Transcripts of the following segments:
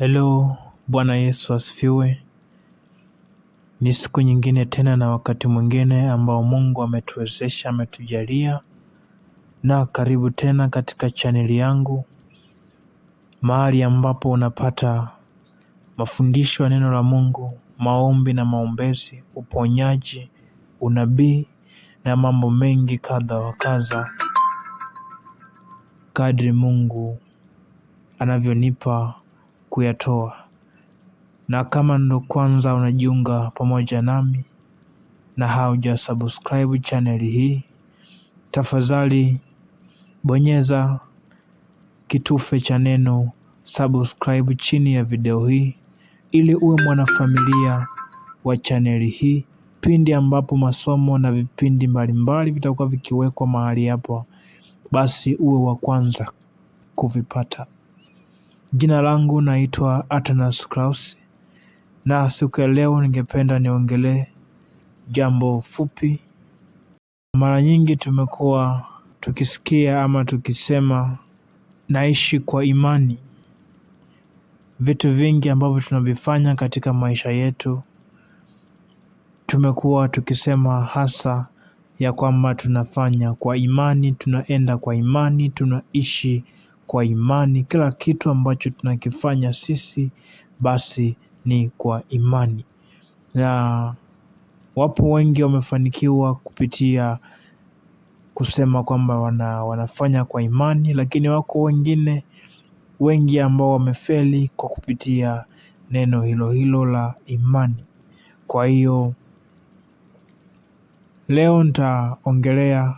Hello, Bwana Yesu asifiwe. Ni siku nyingine tena na wakati mwingine ambao Mungu ametuwezesha, ametujalia. Na karibu tena katika chaneli yangu, mahali ambapo unapata mafundisho ya neno la Mungu, maombi na maombezi, uponyaji, unabii na mambo mengi kadha wa kadha, kadri Mungu anavyonipa kuyatoa. Na kama ndo kwanza unajiunga pamoja nami na hauja subscribe channel hii, tafadhali bonyeza kitufe cha neno subscribe chini ya video hii ili uwe mwanafamilia wa chaneli hii pindi ambapo masomo na vipindi mbalimbali vitakuwa vikiwekwa mahali hapa, basi uwe wa kwanza kuvipata. Jina langu naitwa Atanas Klaus, na siku ya leo ningependa niongelee jambo fupi. Mara nyingi tumekuwa tukisikia ama tukisema naishi kwa imani. Vitu vingi ambavyo tunavifanya katika maisha yetu tumekuwa tukisema hasa ya kwamba tunafanya kwa imani, tunaenda kwa imani, tunaishi kwa imani. Kila kitu ambacho tunakifanya sisi basi ni kwa imani, na wapo wengi wamefanikiwa kupitia kusema kwamba wana, wanafanya kwa imani, lakini wako wengine wengi ambao wamefeli kwa kupitia neno hilo hilo la imani. Kwa hiyo leo nitaongelea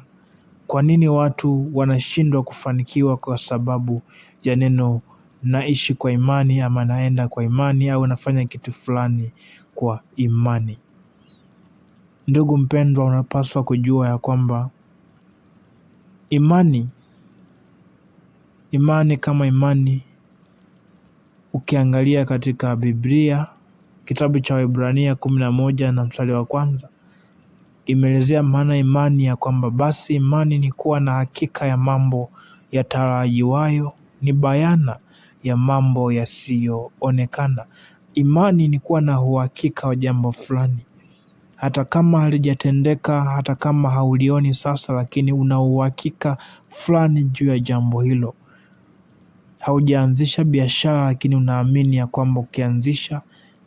kwa nini watu wanashindwa kufanikiwa? Kwa sababu ya neno naishi kwa imani, ama naenda kwa imani, au nafanya kitu fulani kwa imani. Ndugu mpendwa, unapaswa kujua ya kwamba imani, imani kama imani, ukiangalia katika Biblia, kitabu cha waibrania kumi na moja na mstari wa kwanza imeelezea maana imani ya kwamba basi imani ni kuwa na hakika ya mambo yatarajiwayo, ni bayana ya mambo yasiyoonekana. Imani ni kuwa na uhakika wa jambo fulani, hata kama halijatendeka, hata kama haulioni sasa, lakini una uhakika fulani juu ya jambo hilo. Haujaanzisha biashara, lakini unaamini ya kwamba ukianzisha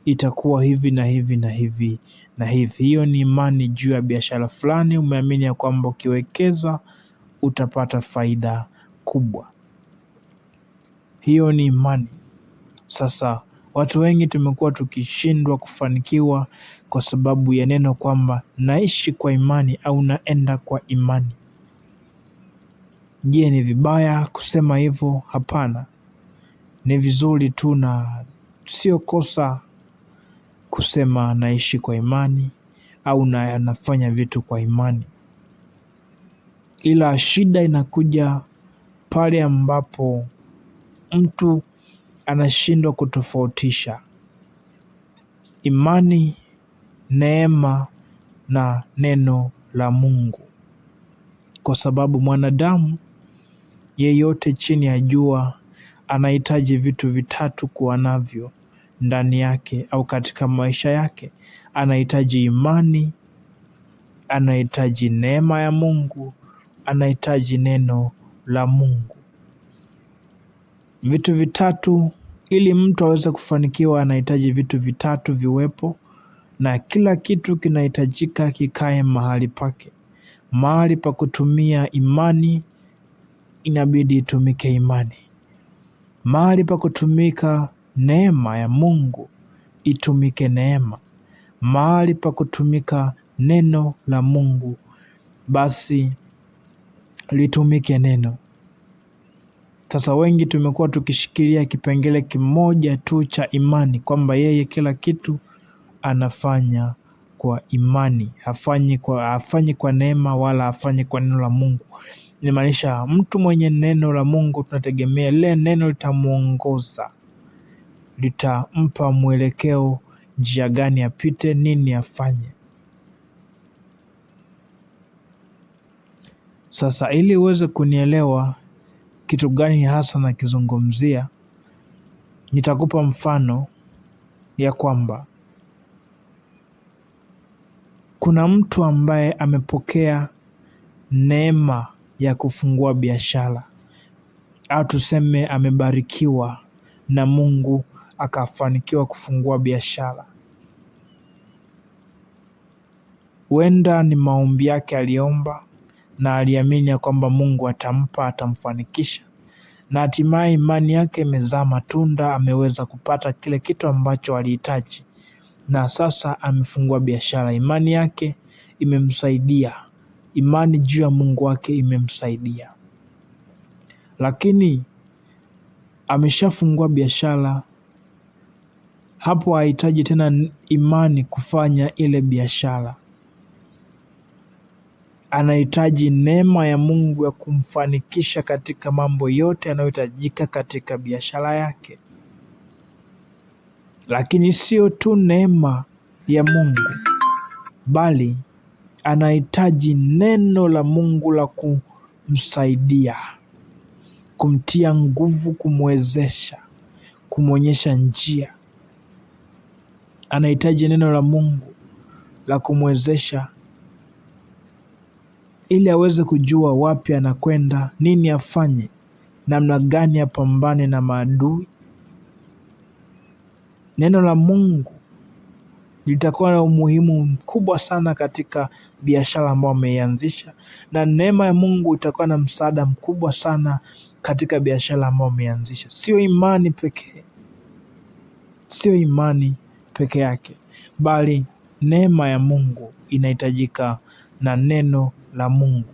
itakuwa hivi na hivi na hivi na hivi. Hiyo ni imani juu ya biashara fulani, umeamini ya kwamba ukiwekeza utapata faida kubwa. Hiyo ni imani. Sasa watu wengi tumekuwa tukishindwa kufanikiwa kwa sababu ya neno kwamba naishi kwa imani au naenda kwa imani. Je, ni vibaya kusema hivyo? Hapana, ni vizuri tu na sio kosa kusema naishi kwa imani au na anafanya vitu kwa imani, ila shida inakuja pale ambapo mtu anashindwa kutofautisha imani, neema na neno la Mungu, kwa sababu mwanadamu yeyote chini ya jua anahitaji vitu vitatu kuwa navyo: ndani yake au katika maisha yake. Anahitaji imani, anahitaji neema ya Mungu, anahitaji neno la Mungu. Vitu vitatu, ili mtu aweze kufanikiwa, anahitaji vitu vitatu viwepo, na kila kitu kinahitajika kikae mahali pake. Mahali pa kutumia imani, inabidi itumike imani. Mahali pa kutumika neema ya Mungu itumike neema, mahali pa kutumika neno la Mungu basi litumike neno. Sasa wengi tumekuwa tukishikilia kipengele kimoja tu cha imani, kwamba yeye kila kitu anafanya kwa imani, hafanyi kwa, hafanyi kwa neema wala hafanyi kwa neno la Mungu. Inamaanisha mtu mwenye neno la Mungu tunategemea lile neno litamwongoza litampa mwelekeo, njia gani apite, nini afanye. Sasa ili uweze kunielewa kitu gani hasa nakizungumzia, nitakupa mfano ya kwamba kuna mtu ambaye amepokea neema ya kufungua biashara au tuseme amebarikiwa na Mungu akafanikiwa kufungua biashara. Huenda ni maombi yake aliomba na aliamini ya kwamba Mungu atampa, atamfanikisha, na hatimaye imani yake imezaa matunda. Ameweza kupata kile kitu ambacho alihitaji, na sasa amefungua biashara. Imani yake imemsaidia, imani juu ya Mungu wake imemsaidia, lakini ameshafungua biashara hapo hahitaji tena imani kufanya ile biashara, anahitaji neema ya Mungu ya kumfanikisha katika mambo yote yanayohitajika katika biashara yake. Lakini sio tu neema ya Mungu, bali anahitaji neno la Mungu la kumsaidia, kumtia nguvu, kumwezesha, kumwonyesha njia anahitaji neno la Mungu la kumwezesha ili aweze kujua wapi anakwenda, nini afanye, namna gani apambane na maadui. Neno la Mungu litakuwa na umuhimu mkubwa sana katika biashara ambayo ameianzisha, na neema ya Mungu itakuwa na msaada mkubwa sana katika biashara ambayo ameianzisha. Sio imani pekee, sio imani peke yake, bali neema ya Mungu inahitajika na neno la Mungu.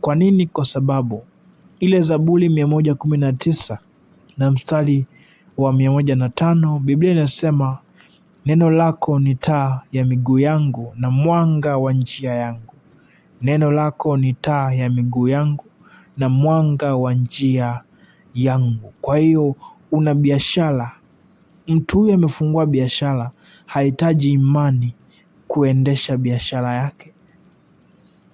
Kwa nini? Kwa sababu ile Zaburi mia moja kumi na tisa na mstari wa mia moja na tano Biblia inasema neno lako ni taa ya miguu yangu na mwanga wa njia yangu. Neno lako ni taa ya miguu yangu na mwanga wa njia yangu. Kwa hiyo una biashara mtu huyu amefungua biashara, hahitaji imani kuendesha biashara yake,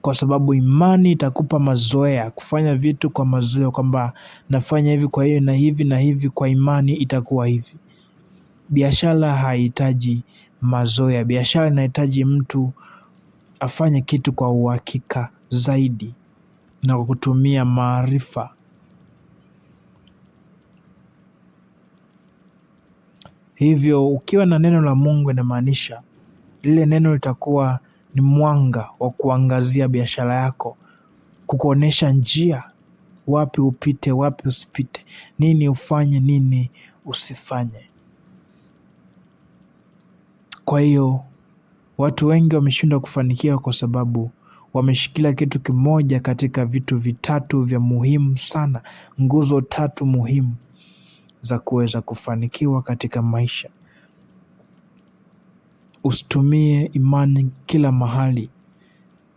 kwa sababu imani itakupa mazoea, kufanya vitu kwa mazoea, kwamba nafanya hivi, kwa hiyo na hivi na hivi, kwa imani itakuwa hivi. Biashara haihitaji mazoea, biashara inahitaji mtu afanye kitu kwa uhakika zaidi na kutumia maarifa Hivyo ukiwa na neno la Mungu inamaanisha lile neno litakuwa ni mwanga wa kuangazia biashara yako, kukuonesha njia, wapi upite, wapi usipite, nini ufanye, nini usifanye. Kwa hiyo watu wengi wameshindwa kufanikiwa kwa sababu wameshikilia kitu kimoja katika vitu vitatu vya muhimu sana, nguzo tatu muhimu za kuweza kufanikiwa katika maisha. Usitumie imani kila mahali,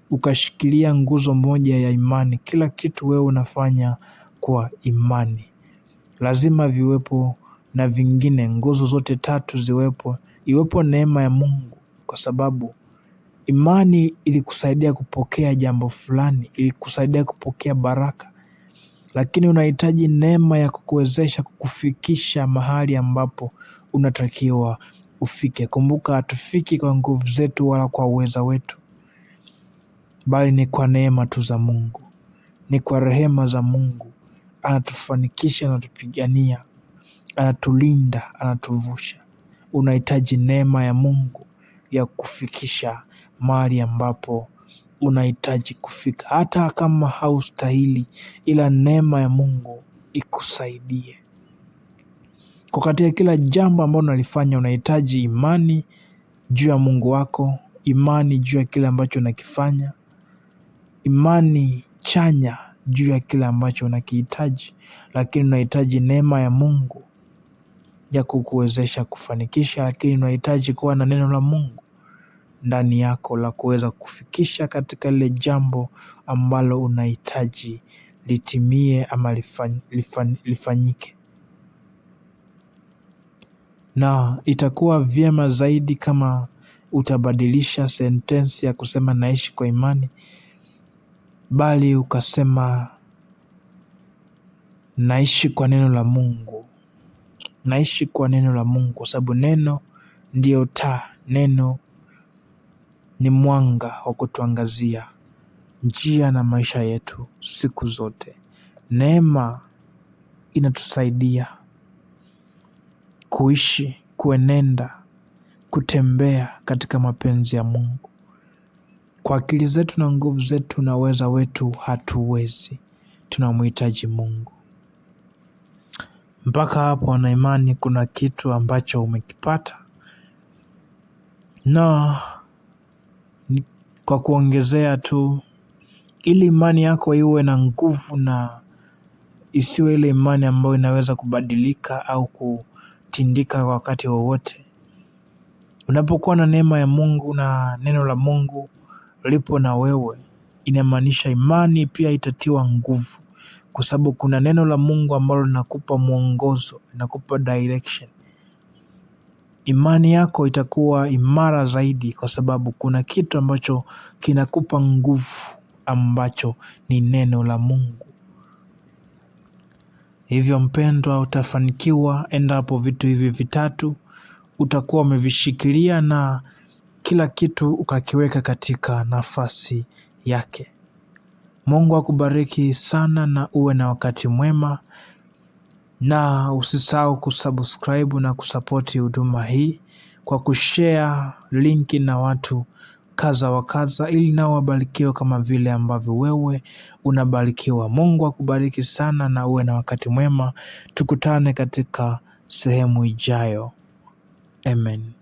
ukashikilia nguzo moja ya imani. Kila kitu wewe unafanya kwa imani, lazima viwepo na vingine, nguzo zote tatu ziwepo, iwepo neema ya Mungu, kwa sababu imani ilikusaidia kupokea jambo fulani, ilikusaidia kupokea baraka, lakini unahitaji neema ya kukuwezesha kukufikisha mahali ambapo unatakiwa ufike. Kumbuka, hatufiki kwa nguvu zetu wala kwa uweza wetu, bali ni kwa neema tu za Mungu, ni kwa rehema za Mungu. Anatufanikisha, anatupigania, anatulinda, anatuvusha. Unahitaji neema ya Mungu ya kufikisha mahali ambapo unahitaji kufika, hata kama haustahili, ila neema ya Mungu ikusaidie kwa katika kila jambo ambalo unalifanya. Unahitaji imani juu ya Mungu wako, imani juu ya kile ambacho unakifanya, imani chanya juu ya kile ambacho unakihitaji, lakini unahitaji neema ya Mungu ya kukuwezesha kufanikisha, lakini unahitaji kuwa na neno la Mungu ndani yako la kuweza kufikisha katika lile jambo ambalo unahitaji litimie ama lifanyike. Na itakuwa vyema zaidi kama utabadilisha sentensi ya kusema naishi kwa imani, bali ukasema naishi kwa neno la Mungu. Naishi kwa neno la Mungu, kwa sababu neno ndiyo taa, neno ni mwanga wa kutuangazia njia na maisha yetu siku zote. Neema inatusaidia kuishi, kuenenda, kutembea katika mapenzi ya Mungu. Kwa akili zetu na nguvu zetu na uweza wetu hatuwezi, tunamhitaji Mungu. Mpaka hapo, imani, kuna kitu ambacho umekipata na no kwa kuongezea tu, ili imani yako iwe na nguvu na isiwe ile imani ambayo inaweza kubadilika au kutindika wakati wowote. Unapokuwa na neema ya Mungu na neno la Mungu lipo na wewe, inamaanisha imani pia itatiwa nguvu, kwa sababu kuna neno la Mungu ambalo linakupa mwongozo, linakupa direction imani yako itakuwa imara zaidi, kwa sababu kuna kitu ambacho kinakupa nguvu ambacho ni neno la Mungu. Hivyo mpendwa, utafanikiwa endapo vitu hivi vitatu utakuwa umevishikilia na kila kitu ukakiweka katika nafasi yake. Mungu akubariki sana na uwe na wakati mwema na usisahau kusubscribe na kusapoti huduma hii kwa kushare linki na watu kaza wa kaza, ili nao wabarikiwe kama vile ambavyo wewe unabarikiwa. Mungu akubariki sana na uwe na wakati mwema. Tukutane katika sehemu ijayo. Amen.